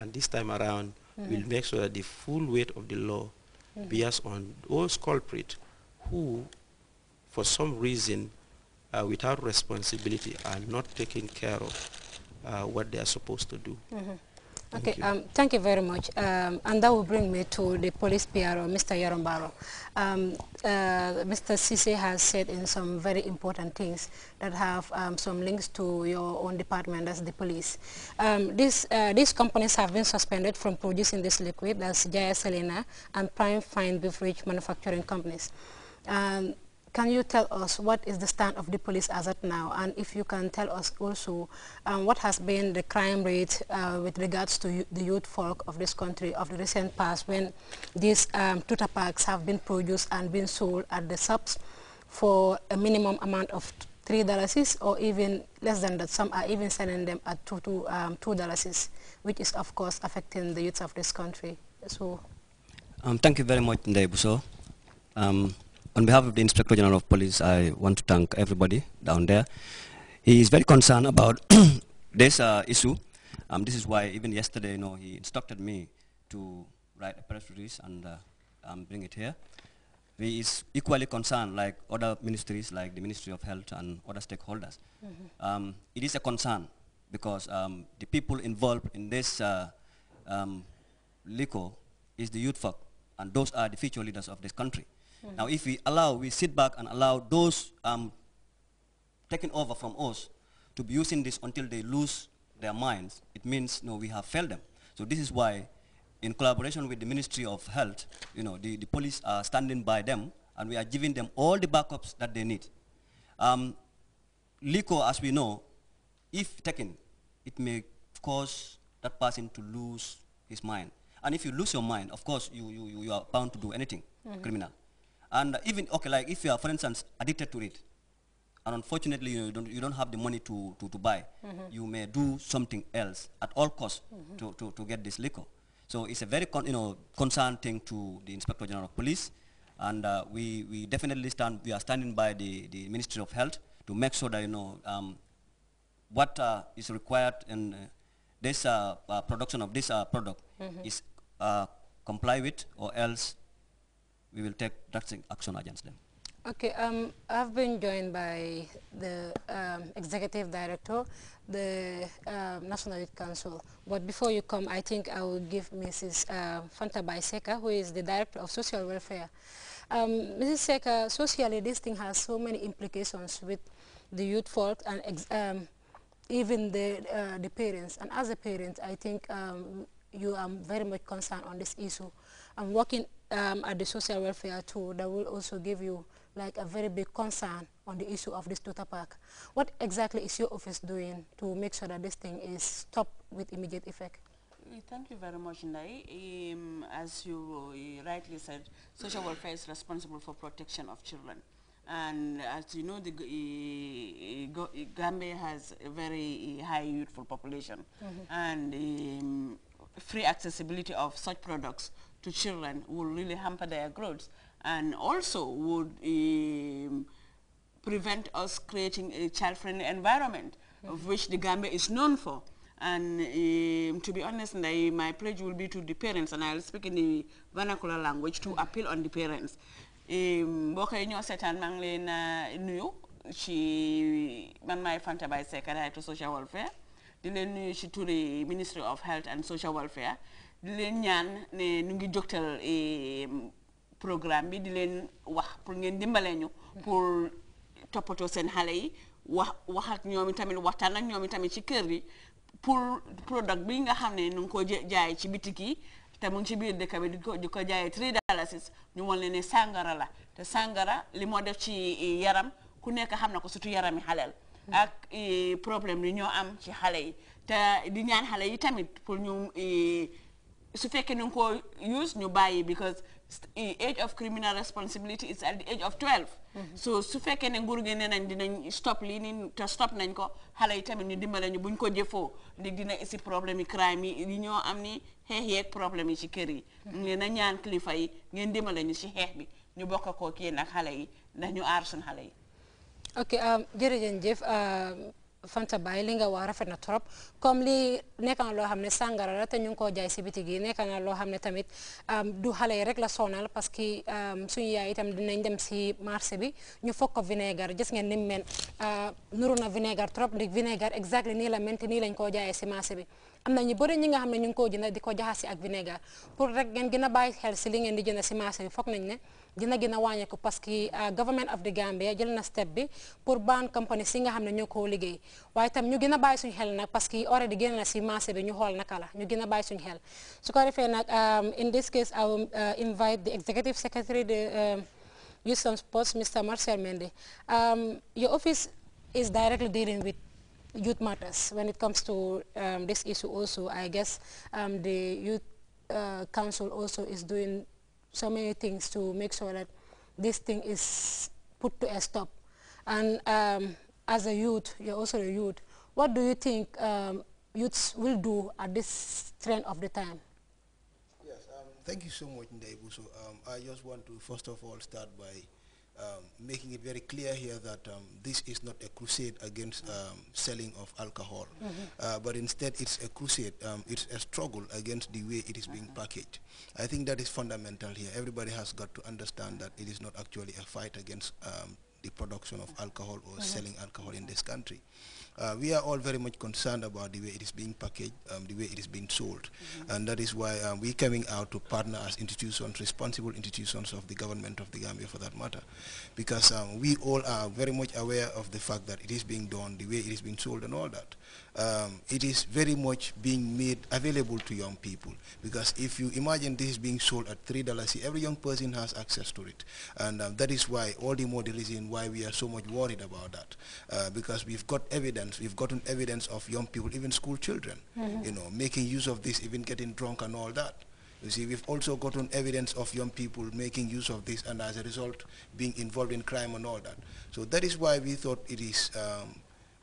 And this time around, mm -hmm. we'll mm-hmm. make sure that the full weight of the law mm -hmm. bears on those culprits who, for some reason, uh, without responsibility, are not taking care of uh, what they are supposed to do. Mm -hmm. Thank okay, you. Um, thank you very much. Um, and that will bring me to the police PRO, Mr. Yarombaro. Um, uh, Mr. Sisi has said in some very important things that have um, some links to your own department, that's the police. Um, this, uh, these companies have been suspended from producing this liquid, that's Jaya Selena, and Prime Fine Beverage Manufacturing Companies. Um, can you tell us what is the stand of the police as at now? And if you can tell us also um, what has been the crime rate uh, with regards to the youth folk of this country of the recent past when these um, tutor packs have been produced and been sold at the subs for a minimum amount of three dollars or even less than that. Some are even selling them at two to um, two dollars, which is of course affecting the youth of this country. So, um, thank you very much, Ndai Um, on behalf of the Inspector General of Police, I want to thank everybody down there. He is very concerned about this uh, issue. Um, this is why even yesterday, you know, he instructed me to write a press release and uh, um, bring it here. He is equally concerned, like other ministries, like the Ministry of Health and other stakeholders. Mm -hmm. um, it is a concern because um, the people involved in this uh, um, LICO is the youth folk, and those are the future leaders of this country. Mm Now, if we allow, we sit back and allow those um, over from us to be using this until they lose their minds, it means you no, know, we have failed them. So this is why, in collaboration with the Ministry of Health, you know, the, the police are standing by them, and we are giving them all the backups that they need. Um, as we know, if taken, it may cause that person to lose his mind. And if you lose your mind, of course, you, you, you are bound to do anything mm criminal. And even, okay, like if you are, for instance, addicted to it, and unfortunately you don't, you don't have the money to, to, to buy, mm -hmm. you may do something else at all costs mm -hmm. to, to, to get this liquor. So it's a very you know, concerned thing to the Inspector General of Police, and uh, we, we definitely stand, we are standing by the, the Ministry of Health to make sure that, you know, um, what uh, is required in uh, this uh, uh, production of this uh, product mm -hmm. is comply with or else we will take drastic action against them. Okay, um, I've been joined by the um, Executive Director, the um, National Youth Council. But before you come, I think I will give Mrs. Uh, um, Fanta Baiseka, who is the Director of Social Welfare. Um, Mrs. Seka, socially this thing has so many implications with the youth folk and um, even the, uh, the parents. And as a parent, I think you are very much concerned on this issue. I'm working um, at the social welfare too that will also give you like a very big concern on the issue of this total pack. What exactly is your office doing to make sure that this thing is stopped with immediate effect? Eh, thank you very much, Ndai. Um, as you eh, rightly said, social welfare is responsible for protection of children. And as you know, the uh, Gambia has a very high youthful population. Mm -hmm. And um, free accessibility of such products to children will really hamper their growth and also would um, prevent us creating a child-friendly environment, mm. of which the Gambia is known for. And um, to be honest, I, my pledge will be to the parents, and I'll speak in the vernacular language to appeal on the parents. Um, boo koy ñoo seetaan maa ngi leen uh, nuyu ci man maay Fanta Baye Seck to social welfare di leen nuyu ci turi Ministry of Health and Social Welfare di leen ñaan ne nu ngi jógtal eh, programme bi di leen wax pour ngeen dimbale ñu pour toppatoo seen xale yi wax wax ak ñoom itamit waxtaan ak ñoom itamit ci kër yi pour product bi nga xam ne nu ngi ko jaay ci bitik yi te mu ngi ci biir dëkk bi di ko di ko jaayee tri dalasis ñu wan ne ne sàngara la te sàngara li moo def ci eh, yaram ku nekk xam na ko surtout yarami xaleel ak eh, problème li ñoo am ci xale yi te di ñaan xale yi tamit pour ñu su fekkee ni nga ko use ñu bàyyi because age of criminal responsibility is at the age of 12. Mhm. so su fekkee ne nguur gi nee nañ dinañ stop lii nii te stop nañ ko xale yi tamit ñu dimbale ñu buñ ko jëfoo léegi dina isi problème yi crime yi ñoo am ni xeex yeeg problème yi ci kër yi. Mhm. ngeen a ñaan kilifa yi ngeen dimbale ñu si xeex bi ñu bokk koo kii ak xale yi ndax ñu aar suñu xale yi. ok um, jërëjëf. Um, Fanta Baye li nga wax rafet na trop comme li nekk na loo xam ne sàngara la te ñu ngi koo jaay si biti gi nekk na loo xam ne tamit du xale yi rek la sonal parce que suñu yaay itam dinañ dem si marché bi ñu fokk ko vinaigre gis ngeen ni mu mel ah, nuru na vinaigre trop ndig vinaigre exactly nii la mel te nii lañ koo jaayee si marché bi. ñu ñi nga ñu jaxasi ak pour rek gën xel li ngeen di marché bi nañ ne dina parce que euh, government of the Gambia jël na step bi pour ban company si nga liggéey ñu xel parce que already marché bi ñu naka la ñu xel su ko um, in this case I will uh, invite the executive secretary de Youth Sports Mr. Marcel Mendy um, your office is directly dealing with youth matters. When it comes to um, this issue also, I guess um, the youth uh, council also is doing so many things to make sure that this thing is put to a stop. And um, as a youth, you're also a youth, what do you think um, youths will do at this trend of the time? Yes, um, thank you so much, Ndaibuso. Um, I just want to first of all start by um, making it very clear here that um, this is not a crusade against um, selling of alcohol, mm -hmm. uh, but instead it's a crusade, um, it's a struggle against the way it is being mm-hmm. packaged. I think that is fundamental here. Everybody has got to understand that it is not actually a fight against um, the production of alcohol or mm-hmm. selling alcohol in this country. Uh, we are all very much concerned about the way it is being packaged, um, the way it is being sold. Mm -hmm. And that is why um, we're coming out to partner as institutions, responsible institutions of the government of the Gambia for that matter. Because um, we all are very much aware of the fact that it is being done, the way it is being sold and all that. Um, it is very much being made available to young people. Because if you imagine this is being sold at $3, every young person has access to it. And um, that is why all the more the reason why we are so much worried about that. Uh, because we've got evidence evidence, we've gotten evidence of young people, even school children, mm -hmm. you know, making use of this, even getting drunk and all that. You see, we've also gotten evidence of young people making use of this and as a result being involved in crime and all that. So that is why we thought it is um,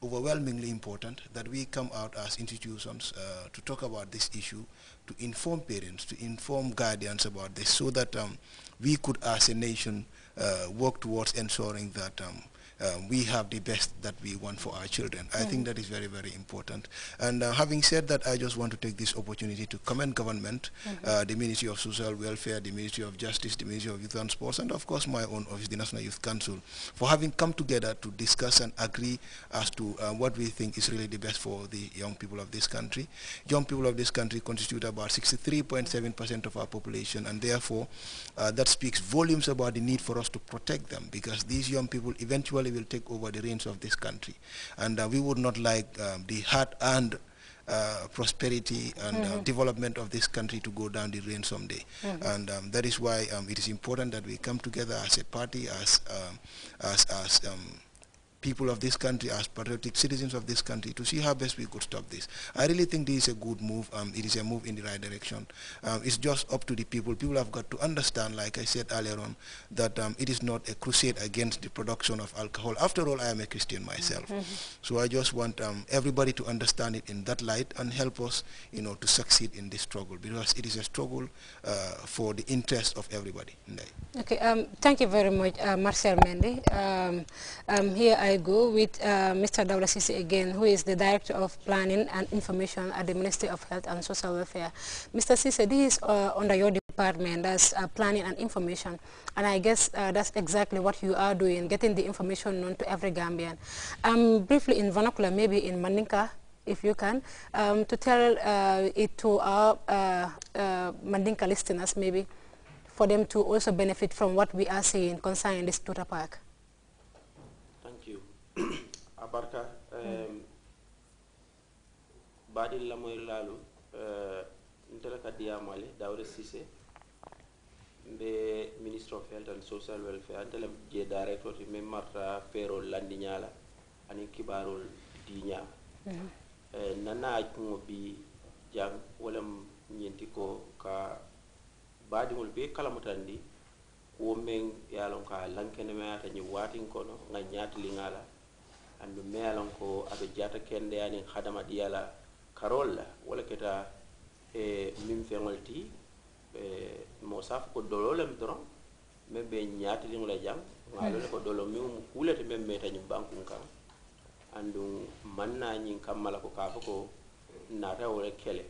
overwhelmingly important that we come out as institutions uh, to talk about this issue, to inform parents, to inform guardians about this so that um, we could as a nation uh, work towards ensuring that um, um, we have the best that we want for our children. I think hmm. that is very, very important. And uh, having said that, I just want to take this opportunity to commend government, mm -hmm. uh, the Ministry of Social Welfare, the Ministry of Justice, the Ministry of Youth and Sports, and of course my own office, the National Youth Council, for having come together to discuss and agree as to uh, what we think is really the best for the young people of this country. Young people of this country constitute about 63.7% of our population, and therefore uh, that speaks volumes about the need for us to protect them because these young people eventually will take over the reins of this country. And uh, we would not like um, the hard-earned uh, prosperity and mm -hmm. uh, mm-hmm. development of this country to go down the drain someday. Mm -hmm. And um, that is why um, it is important that we come together as a party, as um, as as um, people of this country, as patriotic citizens of this country, to see how best we could stop this. I really think this is a good move. Um, it is a move in the right direction. Um, it's just up to the people. People have got to understand, like I said earlier on, that um, it is not a crusade against the production of alcohol. After all, I am a Christian myself. Mm-hmm. So I just want um, everybody to understand it in that light and help us, you know, to succeed in this struggle because it is a struggle uh, for the interest of everybody. Okay. Um, thank you very much, uh, Marcel Mende. Um, here I I go with uh, Mr. Daula again, who is the Director of Planning and Information at the Ministry of Health and Social Welfare. Mr. Sisi, this is uh, under your department, that's uh, planning and information. And I guess uh, that's exactly what you are doing, getting the information known to every Gambian. Um, briefly in vernacular, maybe in Maninka, if you can, um, to tell uh, it to our uh, Mandinka listeners, maybe, for them to also benefit from what we are seeing concerning this Tuta Park. barka baɗin lamoyir laalu e, ntela ka diyamale dawre sise mbe ministre of health and social welfare ntela je directote min marta feerol landiñala anin kibarol diñama mm-hmm. e, nana accuŋo bi jang wolem ñinti ko ka baadiŋol bee kalamutandi wo meŋ ye a loŋ ka lankenemayata ñiŋ waatin kono ŋa ñaatiliŋa la andu meyalan ko aɓe jata kendeyanin hadama ɗiyala karol la wala keta e min feŋol ti e, mo saf ko dololem doron meŋ ɓe ñaatiliŋola jam ŋaalole ko dolo miŋ mu kuulete meŋ metañiŋ bankuŋ kaŋ anduŋ maŋ na ñiŋ kamma la ko kaa fo ko naata wo le kele